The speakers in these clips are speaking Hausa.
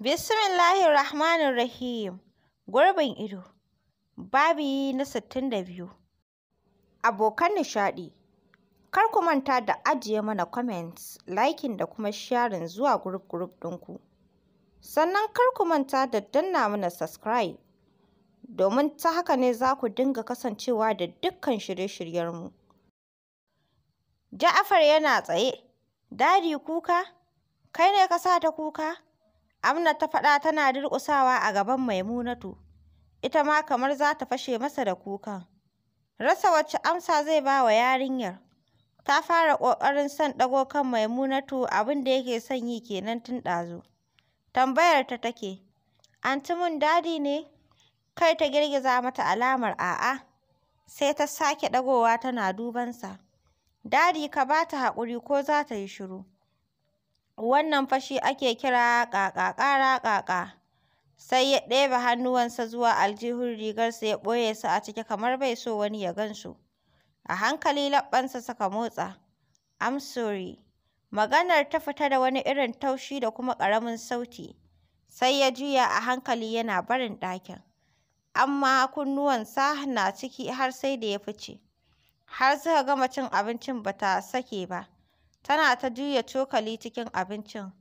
Bismillahirrahmanirrahim. Gurbin ido. Babi na sittin da biyu. Abokan nishaɗi. Kar ku manta da ajiye mana comments, liking da kuma sharing zuwa group group ɗinku. Sannan kar ku manta da danna mana subscribe. Domin ta haka ne za ku dinga kasancewa da dukkan shirye-shiryenmu. Ja'afar yana tsaye. Dadi kuka? Kai ne ka sa ta kuka? Amna ta faɗa tana durƙusawa a gaban Maimunatu, ita ma kamar za ta fashe masa da kuka Rasa wacce amsa zai ba wa yarinyar. Ta fara ƙoƙarin son ɗago kan Maimunatu abin da yake son yi kenan tun ɗazu. Tambayar ta take, "Anti mun dadi ne?" Kai ta girgiza mata alamar a'a, sai ta sake ɗagowa tana dubansa. Dadi ka ba ta haƙuri ko za ta yi shiru. Wannan fashi ake kira ƙaƙa ƙara ƙaƙa. Sai ya ɗebe hannuwansa zuwa aljihun rigarsa ya ɓoye su a ciki kamar bai so wani ya gan su. A hankali leɓɓansa suka motsa. I'm sorry. Maganar ta fita da wani irin taushi da kuma ƙaramin sauti. Sai ya juya a hankali yana barin ɗakin. Amma kunnuwansa na ciki har sai da ya fice. Har suka gama cin abincin ba ta sake ba. tana ta juya cokali cikin abincin.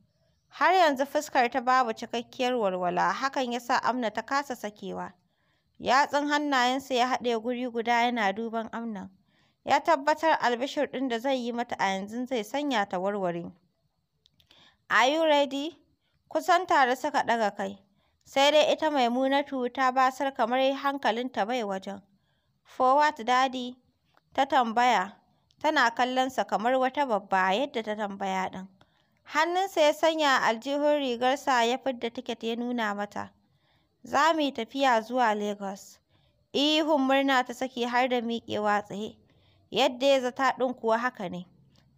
Har yanzu fuskar ta babu cikakkiyar walwala, hakan ya sa Amna ta kasa sakewa. Yatsun hannayensa ya haɗe guri guda yana duban Amnan. Ya tabbatar albishir ɗin da zai yi mata a yanzu zai sanya ta warware. Are you ready? Kusan tare suka ɗaga kai. Sai dai ita Maimunatu ta basar kamar hankalinta bai wajen. For what, daddy? Ta tambaya. tana kallonsa kamar wata babba yadda ta tambaya ɗin. Hannunsa ya sanya aljihun rigarsa ya fidda tiket ya nuna mata. Za mu yi tafiya zuwa Lagos. Ihun murna ta saki har da miƙewa tsaye. Yadda ya zata ɗin kuwa haka ne.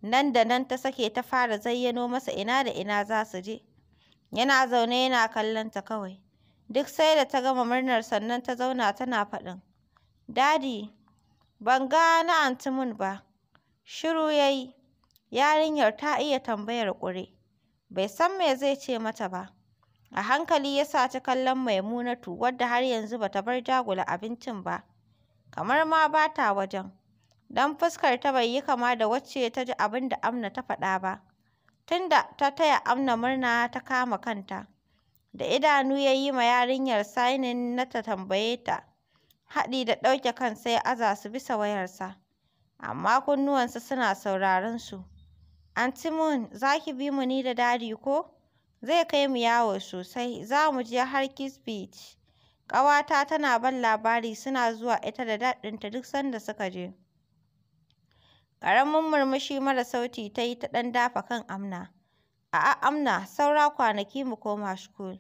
Nan da nan ta sake ta fara zayyano masa ina da ina za su je. Yana zaune yana kallon ta kawai. Duk sai da ta gama murnar sannan ta zauna tana faɗin. Dadi, ban ga na Antimun ba. Shiru ya yi. Yarinyar ta iya tambayar ƙure. Bai san me zai ce mata ba. A hankali ya sa ta kallon Maimunatu wadda har yanzu ba ta bar jagula abincin ba. Kamar ma ba ta wajen. Don fuskar ta bai yi kama da wacce ta ji abin da Amna ta faɗa ba. Tunda ta taya Amna murna ta kama kanta. Da idanu ya yi ma yarinyar sainin na ta tambaye ta. Haɗi da ɗauke kan sai aza su bisa wayarsa. amma kunnuwansa suna sauraron su. Anti Moon, za ki bi mu ni da dadi ko? Zai kai mu yawo sosai, za mu je har Kiss Beach. Ƙawata tana ban labari suna zuwa ita da daɗinta duk sanda suka je. Ƙaramin murmushi mara sauti ta yi ta ɗan dafa kan Amna. A'a Amna, saura kwanaki mu koma school.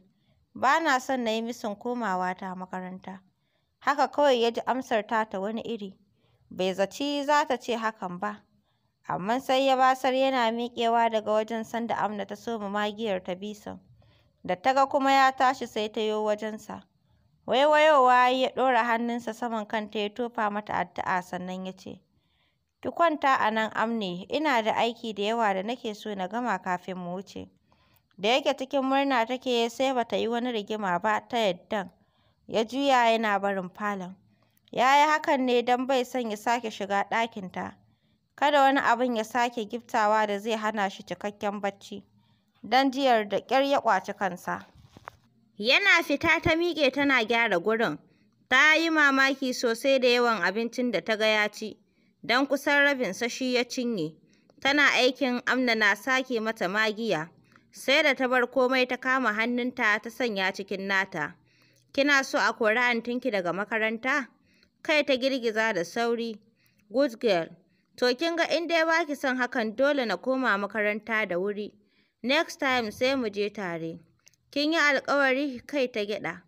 Ba na son na yi misin komawa makaranta. Haka kawai ya ji amsar ta ta wani iri. Bai zaci za ta ce hakan ba, amma sai ya basar yana miƙewa daga wajen sanda Amna ta soma magiyar ta bisan. Da ta ga kuma ya tashi sai ta yo wajensa. Waiwayowa ya ɗora hannunsa saman kanta ya tofa mata addu'a sannan ya ce, Ki kwanta a nan amne, ina da aiki da yawa da nake so na gama kafin mu wuce. Da yake cikin murna take sai bata yi wani rigima ba ta yaddan. Ya juya yana barin falon. Ya yi hakan ne don bai son ya sake shiga ɗakinta, kada wani abin ya sake giftawa da zai hana shi cikakken bacci, don jiyar da kyar ya ƙwaci kansa. Yana fita ta miƙe tana gyara gurin. Ta yi mamaki sosai da yawan abincin da ta ga ya ci, don kusan rabinsa shi ya cinye. Tana aikin Amna na sake mata magiya, sai da ta bar komai ta kama hannunta ta sanya cikin nata. Kina so a kori antinki daga makaranta? Kai ta girgiza da sauri. Good girl. To kin ga in dai baki son hakan dole na koma makaranta da wuri. Next time sai mu je tare. Kin yi alkawari kai ta gyaɗa.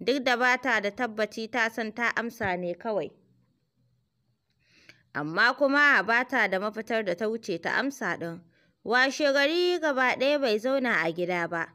Duk da ba ta da tabbaci ta san ta amsa ne kawai. Amma kuma ba ta da mafitar da ta wuce ta amsa ɗin. Washe gari gaba ɗaya bai zauna a gida ba.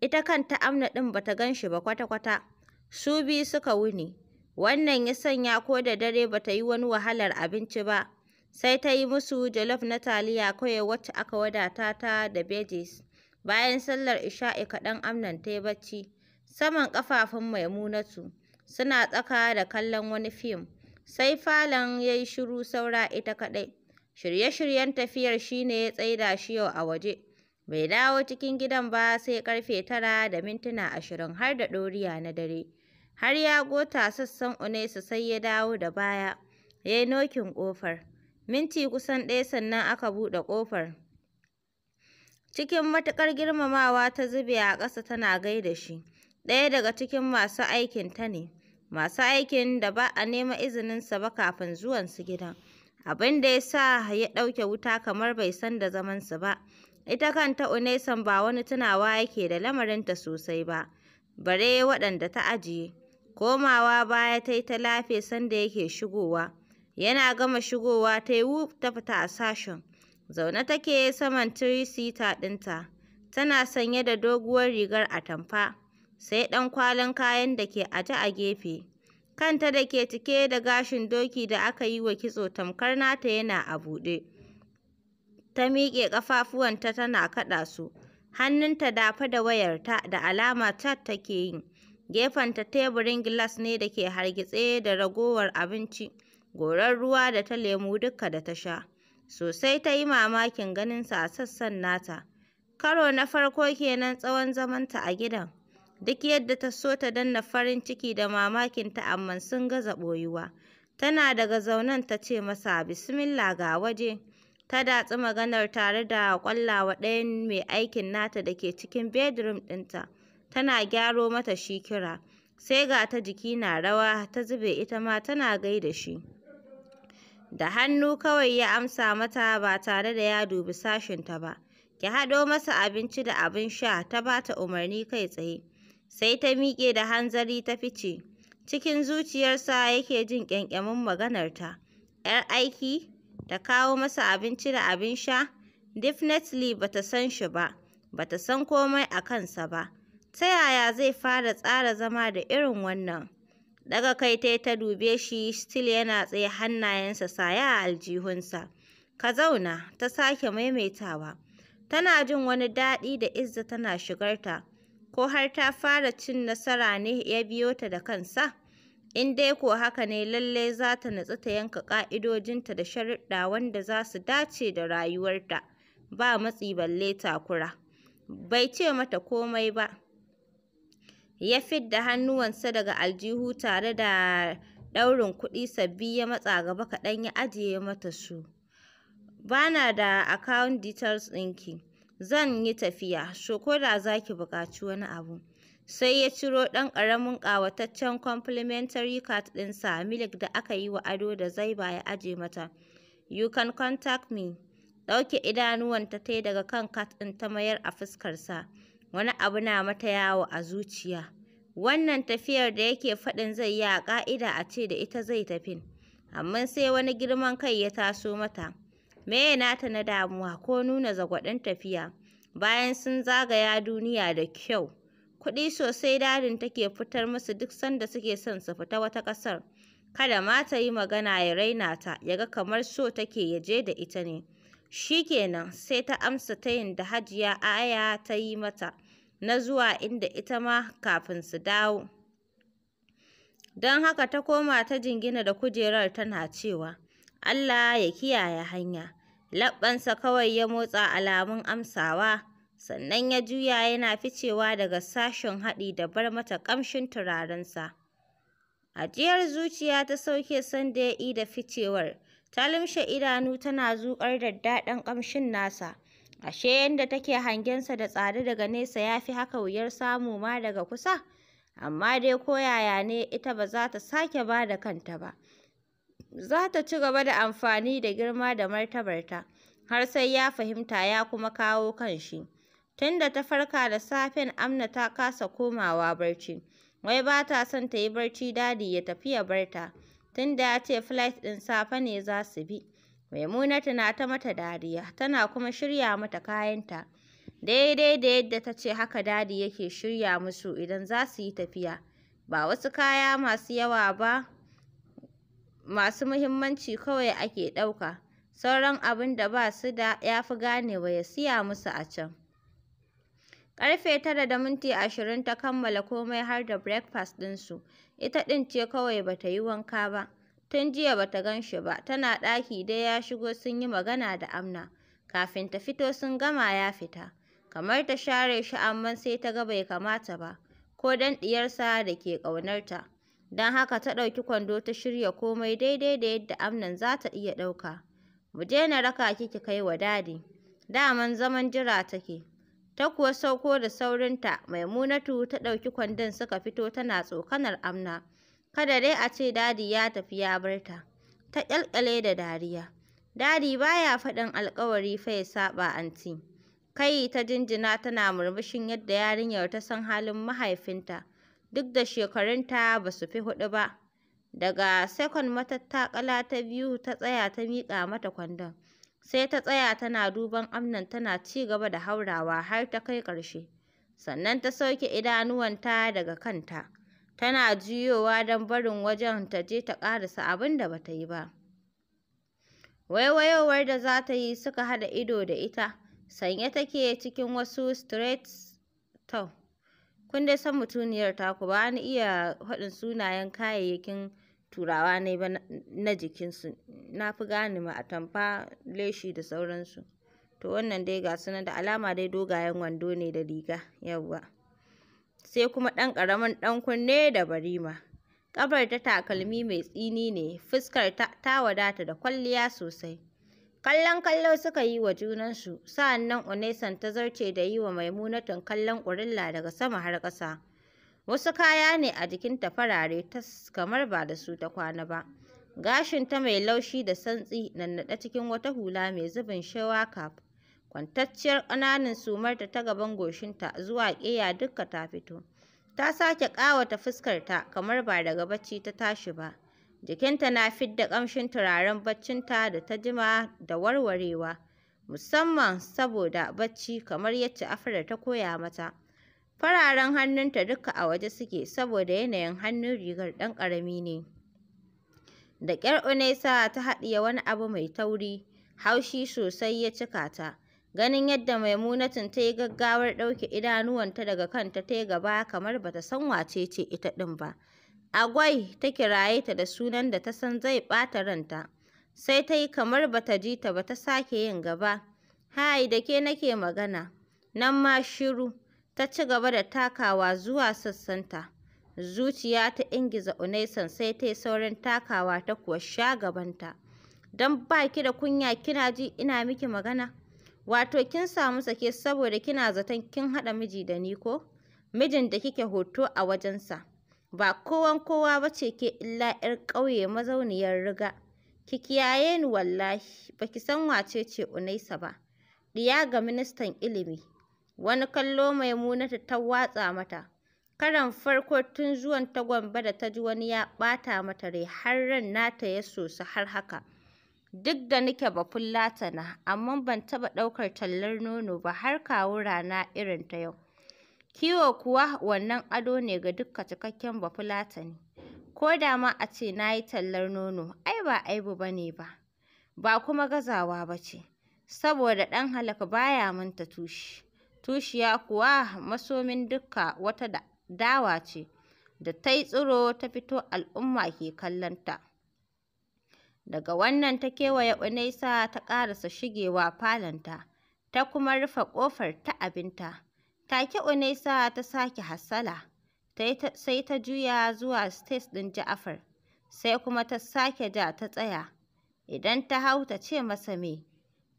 Ita kanta amna ɗin bata gan shi ba kwata-kwata. Su biyu suka wuni. Wannan ya sanya ko da dare ba ta yi wani wahalar abinci ba, sai ta yi musu jalof na taliya kawai wacce aka wadata ta da bejes. Bayan sallar isha'i kaɗan Amnan ta yi bacci, saman ƙafafun Maimunatu suna tsaka da kallon wani fim, sai falon ya yi shiru saura ita kaɗai. Shirye-shiryen tafiyar shi ne ya tsaida shi yau a waje. Bai dawo cikin gidan ba sai karfe tara da mintuna ashirin har da ɗoriya na dare. har ya gota sassan Unesa sai ya dawo da baya ya yi nokin ƙofar. Minti kusan ɗaya sannan aka buɗe ƙofar. Cikin matuƙar girmamawa ta zube a ƙasa tana gaida shi. Ɗaya daga cikin masu aikin ta ne. Masu aikin da ba a nema izininsa ba kafin zuwan su gidan. Abin da ya sa ya ɗauke wuta kamar bai san da zamansu ba. Ita kanta Onesan ba wani tunawa yake da lamarinta sosai ba. bare waɗanda ta ajiye. Komawa baya ta yi ta lafe sanda yake shigowa. Yana gama shigowa ta yi wuf ta fita a sashen. Zaune take saman tirisita ɗinta. Tana sanye da doguwar rigar atamfa, sai ɗan kwalin kayan da ke aje a gefe. Kanta da ke cike da gashin doki da aka yi wa kitso tamkar nata yana a buɗe. Ta miƙe ƙafafuwanta tana kaɗa su, hannunta dafa da wayarta da alama cat take yi. Gefenta teburin gilas ne da ke hargitse da ragowar abinci, gorar ruwa da ta lemu duka da ta sha. Sosai ta yi mamakin ganinsa a sassan nata. Karo na farko kenan tsawon zamanta a gidan. Duk yadda ta so ta danna farin ciki da mamakinta amma sun gaza ɓoyuwa. Tana daga zaunen ta ce masa bismillah ga waje. Ta datsi maganar tare da ƙwallawa ɗayan mai aikin nata da ke cikin bedroom ɗinta. tana gyaro mata shi kira. Sai ga ta jiki na rawa ta zube ita ma tana gaida shi. Da hannu kawai ya amsa mata ba tare da ya dubi sashinta ba. Ki haɗo masa abinci da abin sha ta ba ta umarni kai tsaye. Sai ta miƙe da hanzari ta fice. Cikin zuciyarsa yake jin ƙyanƙyamin maganarta. ‘Yar aiki, ta kawo masa abinci da abin sha, definitely ba ta san shi ba, ba ta san komai a kansa ba. ta yaya zai fara tsara zama da irin wannan? Daga kai ta ta dube shi, still yana tsaye hannayensa saye a aljihunsa. Ka zauna, ta sake maimaitawa. Tana jin wani daɗi da Izza tana shigarta, ko har ta fara cin nasara ne ya biyo ta da kansa? In dai ko haka ne lallai za ta natsu ta yanka ƙa'idojinta da sharuɗa wanda za su dace da rayuwarta, ba matsi balle takura. Bai ce mata komai ba. ya fidda hannuwansa daga aljihu tare da ɗaurin kuɗi sabbi ya matsa gaba kaɗan ya ajiye mata su. Bana na da account details ɗinki. Zan yi tafiya, so ko da za ki buƙaci wani abu. Sai ya ciro ɗan ƙaramin ƙawataccen complimentary card ɗinsa milik da aka yi wa ado da zaiba ya aje mata. You can contact me. Ɗauke idanuwanta ta daga kan kat ɗin ta mayar a fuskarsa. Wani abu na mata yawo a zuciya. Wannan tafiyar da yake faɗin zai yi a ƙa'ida a ce da ita zai tafi. amma sai wani girman kai ya taso mata. Meye nata na damuwa ko nuna zagwaɗin tafiya? Bayan sun zagaya duniya da kyau, kuɗi sosai dadin take fitar musu duk sanda suke son su fita wata ƙasar. Kada ma ta yi magana ya raina ta, ya ga kamar so take ya je da ita ne. Shi kenan sai ta amsa tayin da Hajiya Aya ta yi mata. na zuwa inda ita ma kafin su dawo. Don haka ta koma ta jingina da kujerar tana cewa, Allah ya kiyaye hanya. Labbansa kawai ya motsa alamun amsawa, sannan ya juya yana ficewa daga sashen haɗi da bar mata ƙamshin turarensa. Ajiyar zuciya ta sauke sanda ya da ficewar, ta lumshe idanu tana zuƙar da daɗin ƙamshin nasa. Ashe yadda take hangensa da tsada daga nesa ya fi haka wuyar samu ma daga kusa? Amma dai ko yaya ne ita ba za ta sake ba da kanta ba. Za ta ci gaba da amfani da girma da martabarta, har sai ya fahimta ya kuma kawo kan kanshi. Tunda ta farka da safen Amna ta kasa komawa barci. Wai ba ta son ta yi barci dadi ya tafi ya bar ta, tunda ya ce flight ɗin safe ne za su bi. Maimunatu na ta mata dariya, tana kuma shirya mata kayanta, daidai da yadda ta ce haka dadi yake shirya musu idan za su yi tafiya, ba wasu kaya masu yawa ba, masu muhimmanci kawai ake ɗauka, sauran abin da ba su da ya fi ganewa ya siya musu a can. Ƙarfe tara da minti ashirin ta kammala komai har da breakfast ɗinsu, ita ɗin ce kawai ba ta yi wanka ba. Tun jiya ba ta gan shi ba, tana ɗaki dai ya shigo sun yi magana da Amna. Kafin ta fito sun gama ya fita. Kamar ta share shi amma sai ta ga bai kamata ba, ko don ɗiyarsa da ke ƙaunarta. Don haka ta ɗauki kwando ta shirya komai daidai da yadda Amnan za ta iya ɗauka. Mu je na raka ki ki kai wa dadi. Daman zaman jira take. Ta kuwa sauko da saurinta, Maimunatu ta ɗauki kwandon suka fito tana tsokanar Amna. Kada dai a ce Dadi ya tafi ya bar ta. Ta ƙyalƙyale da dariya. Dadi baya faɗin alƙawari fa ya saɓa anti. Kai ta jinjina tana murmushin yadda yarinyar ta san halin mahaifinta. Duk da shekarunta ba su fi huɗu ba. Daga sekon matattakala ta biyu ta tsaya ta miƙa mata kwandon. Sai ta tsaya tana duban amnan tana ci gaba da haurawa har ta kai ƙarshe. Sannan ta sauke idanuwanta daga kanta. tana juyowa don barin wajen ta je ta ƙarasa abin da ba ta yi ba. Waiwayowar da za ta yi suka haɗa ido da ita, sanye take cikin wasu straight to. Kun dai san mutuniyar taku ba ni iya faɗin sunayen kayayyakin turawa ne ba na jikinsu, na fi gane ma atamfa, leshi da sauransu. To wannan dai ga su nan da alama dai dogayen wando ne da riga, yawwa. sai kuma ɗan ƙaramin ɗan kunne da barima. Ƙafar ta takalmi mai tsini ne, fuskar ta, wadata da kwalliya sosai. Kallon kallo suka yi wa junansu, nan Onesan ta zarce da yi wa maimunatan kallon ƙurilla daga sama har ƙasa. Wasu kaya ne a jikinta farare tas kamar ba da su ta kwana ba. Gashin ta mai laushi da santsi nannaɗe cikin wata hula mai zubin shawaka Kwantacciyar ƙananan sumarta ta gaban goshinta zuwa ƙeya dukka ta fito. Ta sake ƙawata fuskarta kamar ba daga bacci ta tashi ba. Jikinta na fidda ƙamshin turaren baccinta da ta jima da warwarewa, musamman saboda bacci kamar yacce Afra ta koya mata. Fararen hannunta duka a waje suke saboda yanayin hannun rigar ɗan ƙarami ne. Da ƙyar unesa ta haɗiye wani abu mai tauri, haushi sosai ya cika ta. Ganin yadda Maimunatun ta yi gaggawar ɗauke idanuwanta daga kanta ta yi gaba kamar bata san wace ce ita ɗin ba. Agwai ta kiraye ta da sunan da ta san zai ɓata ranta. Sai ta yi kamar bata ji ta ba ta sake yin gaba. Hai da ke nake magana. Nan ma shiru. Ta ci gaba da takawa zuwa sassanta. Zuciya ta ingiza Unaisan sai ta yi saurin takawa ta kuwa sha gabanta. Don ba ki da kunya kina ji ina miki magana. Wato kin samu sake saboda kina zaton kin haɗa miji da ni ko? Mijin da kike hoto a wajensa. Ba kowan kowa ba ke illa 'yar ƙauye mazauniyar riga. Ki kiyaye ni wallahi, baki san wace ce Unaisa ba. Diya ga ministan ilimi. Wani kallo mai muna ta watsa mata. Karan farko tun zuwan ta Gombe da ta ji wani ya ɓata mata rai har ran nata ya sosu har haka. Duk da nike Bafulatana, amma ban taɓa ɗaukar tallar nono ba har kawo rana irin ta yau. Kiwo kuwa wannan ado ne ga dukka cikakken Bafulatani. Ko da ma a ce na yi tallar nono, ai ba aibu ba ne ba, ba kuma gazawa ba ce, saboda ɗan halaka baya ya manta tushi. Tushiya kuwa masomin dukka wata dawa ce da ta yi tsiro ta fito al'umma ke kallonta. Daga wannan ta kewaye Unaisa ta ƙarasa shigewa falonta, ta kuma rufe ƙofar ta abinta. Take Unaisa ta sake hassala, sai ta juya zuwa stage ɗin Ja'afar, sai kuma ta sake ja ta tsaya. Idan ta hau ta ce masa me,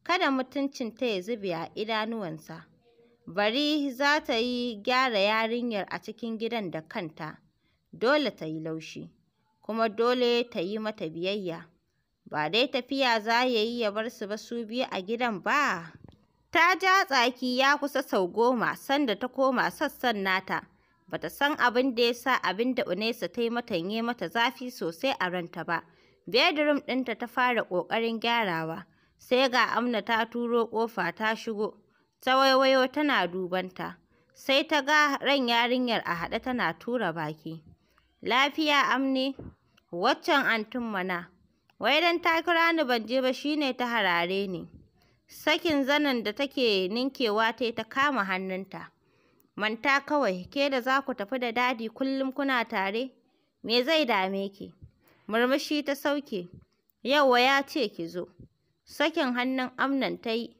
kada mutuncin ta ya zube a idanuwansa. Bari za ta yi gyara yarinyar a cikin gidan da kanta, dole ta yi laushi, kuma dole ta yi mata biyayya. ba dai tafiya za ya yi ya bar su ba su biyu a gidan ba. Ta ja tsaki ya kusa sau goma sanda ta koma sassan nata. Bata san abin da ya sa abin da Unesa ta yi mata yi mata zafi sosai a ranta ba. Bedroom ɗinta ta fara ƙoƙarin gyarawa. Sai ga Amna ta turo ƙofa ta shigo. Ta waiwayo tana dubanta. Sai ta ga ran yarinyar a haɗe tana tura baki. Lafiya Amne? Waccan antin mana. Wai dan ta kira ni ban je ba shine ta harare ni. Sakin zanen da take ninkewa ta ta kama hannunta. Manta kawai, ke da za ku tafi da dadi kullum kuna tare, me zai dame ki? Murmushi ta sauke, yauwa ya ce ki zo. Sakin hannun amnan ta yi,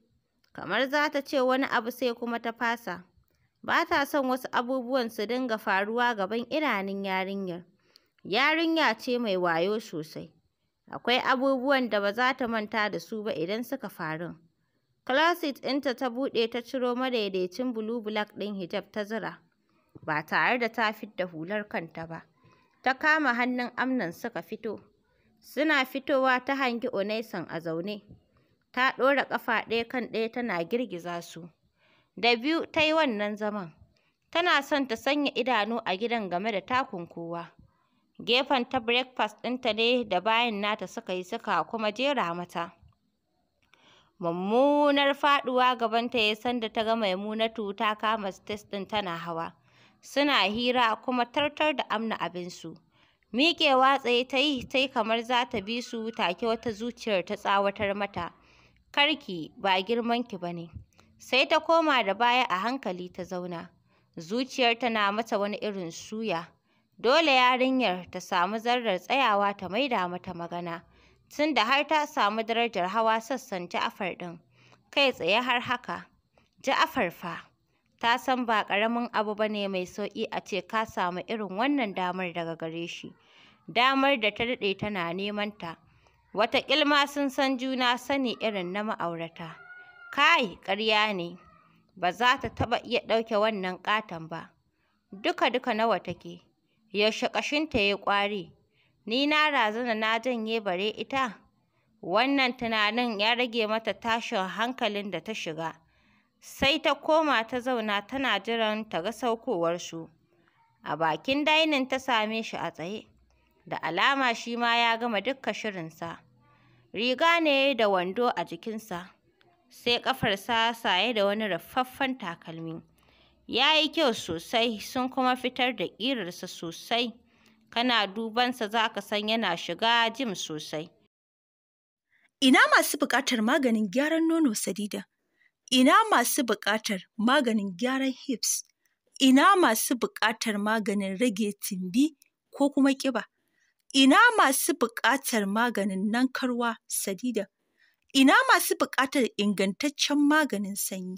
kamar za ta ce wani abu sai kuma ta fasa. Ba ta son wasu abubuwan su dinga faruwa gaban idanun yarinyar. Yarinya ce mai wayo sosai. Akwai abubuwan da ba za ta manta da su ba idan suka faru. Closet ɗinta ta buɗe ta ciro madaidaicin blue black ɗin hijab ta zura, ba tare da ta fidda hular kanta ba. Ta kama hannun amnan suka fito. Suna fitowa ta hangi Onaisan a zaune. Ta ɗora ƙafa ɗaya kan ɗaya tana girgiza su. Da biyu ta yi wannan zaman. Tana son ta sanya idanu a gidan game da takun kowa. gefen ta breakfast ɗinta ne da bayan nata suka yi suka kuma jera mata mummunar faɗuwa gabanta ya sanda ta ga maimunatu ta kama stes ɗin tana hawa suna hira kuma tartar da amna abinsu miƙewa tsaye ta yi ta yi kamar za ta bi su take wata zuciyar ta tsawatar mata karki ba girmanki ba ne sai ta koma da baya a hankali ta zauna zuciyarta na mata wani irin suya Dole yarinyar ta samu zarar tsayawa ta maida mata magana, Tun da har ta samu darajar hawa sassan Ja'far ɗin, kai tsaye har haka. Ja'far fa, ta san ba ƙaramin abu ba ne mai sauƙi a ce ka samu irin wannan damar daga gare shi, damar da ta daɗe tana neman ta. Wataƙilma sun san juna sani irin na ma'aurata. Kai, ƙarya ne, ba za ta taɓa iya ɗauke wannan ƙaton ba. Duka-duka nawa take? yaushe ƙashinta ya yi ƙwari. Ni na razana na janye bare ita. Wannan tunanin ya rage mata tashin hankalin da ta shiga. Sai ta koma ta zauna tana jiran ta ga saukowarsu. A bakin dainin ta same shi a tsaye. Da alama shi ma ya gama dukka shirinsa. Riga ne da wando a jikinsa. Sai ƙafarsa saye da wani rufaffen takalmi. Ya yi kyau sosai, sun kuma fitar da ƙirarsa sosai. Kana dubansa za ka san yana shiga jim sosai. Ina masu buƙatar maganin gyaran nono sadida? Ina masu buƙatar maganin gyaran hips? Ina masu buƙatar maganin rage tumbi ko kuma ƙiba? Ina masu buƙatar maganin nankarwa sadida? Ina masu buƙatar ingantaccen maganin sanyi?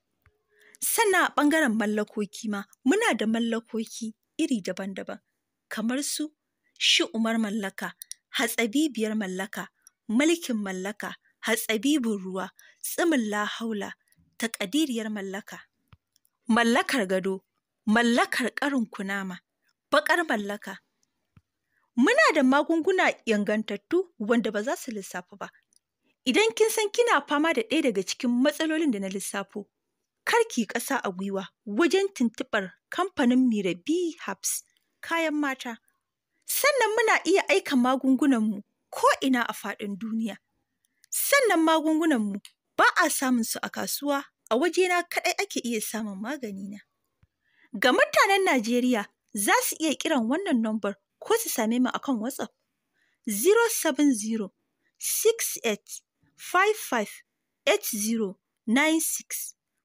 sannan a ɓangaren mallakoki ma muna da mallakoki iri daban-daban kamar su shi umar mallaka hatsabibiyar mallaka mulkin mallaka hatsabibin ruwa tsimin lahaula taƙadiriyar mallaka mallakar gado mallakar ƙarin kunama baƙar mallaka muna da magunguna yangantattu wanda ba za su lissafa ba idan kin san kina fama da ɗaya daga cikin matsalolin da na lissafo karki ƙasa a gwiwa wajen tuntuɓar kamfanin Mirabi Hubs kayan mata. Sannan muna iya aika magungunanmu ina a faɗin duniya. Sannan magungunanmu ba a samun su a kasuwa a wajena kaɗai ake iya samun magani na Ga mutanen Najeriya za su iya kiran wannan nombar ko su same mu akan WhatsApp 070 68 55 six.